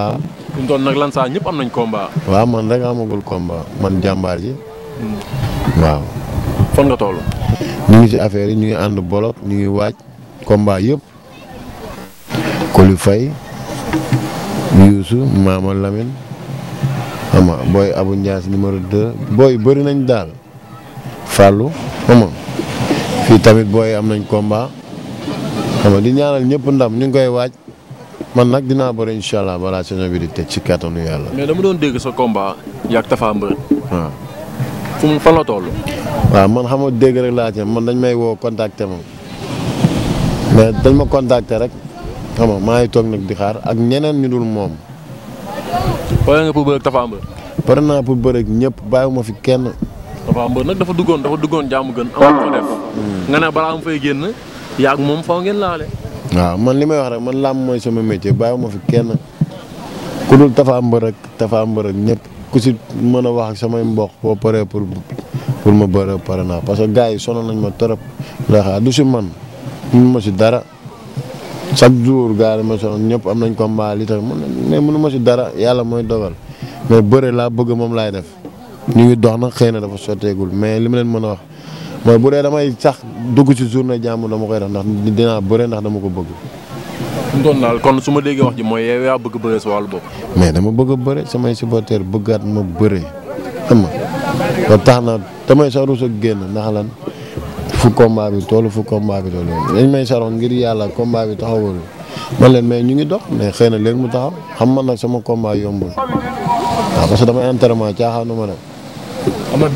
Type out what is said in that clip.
waaw. fi mu am nañ combat. waaw man rek amagul combat man jàmbaar ji. Hmm. waaw. fan nga toll. ñu ngi ci affaire yi ñu ngi ànd bolot ñu ngi waaj komba yëpp. Koli Faye Youssou Mama Lamine ama booy Abou Ndiass numéro 2 booy bëri nañ daal Fallou ama fii tamit booy am nañ combat ama di ñaanal ñëpp ndam ñu koy waaj. man nag dinaa bëri incha allah balaa saison bi di tëj ci kattanu yàlla. mais dama doon dégg sa combat. yaa Tapha Mbeur. waaw. fu waaw man xam nga dégg rek laa man dañ may woo contacter moom mais dañ ma contacter rek xam nga maa ngi toog di xaar ak ñeneen ñu dul moom. pare nga pour bëreeg Tapha Mbeur. pare naa fi kenn. Tapha Mbeur dafa duggoon dafa duggoon jaamu gën. amul ko def. Mm. nga ne balaa mu fay génn. yaa moom faw ngeen laale. waaw man li may wax rek man làmb mooy sama métier ma fi kenn ku dul Tapha Mbeur ak Tapha Mbeur ku si mën a wax ak samay mbokk boo paree pour pour ma bëre pare naa parce que gars yi sonal nañ ma trop ndax ah, du si man mënu ma si dara chaque jour gars yi ma sonal ñëpp am nañ ko combat li tax mais mënu ma si dara yàlla mooy dogal mais bëre laa bëgg moom laay def ñu ngi dox nag xëy na dafa sotteegul mais li ma leen mën a wax. mooy bu dee damay sax dugg ci journée jàmm dama koy def ndax dinaa bëre ndax dama ko bëgg. doon daal kon su ma déggee wax ji mooy bëgg bëre sa wàllu bopp. mais dama bëgg a bëre samay supporters bëggaat ma bëre xam nga ba tax na damay sa ruus ak génn ndax lan fu combat bi toll fu combat bi toll dañ may saroon ngir yàlla combat bi taxawul man leen mais ñu ngi dox mais xëy na leen mu taxaw xam man nag sama combat yombul waaw parce que damay entraînement caaxaanu ma dem.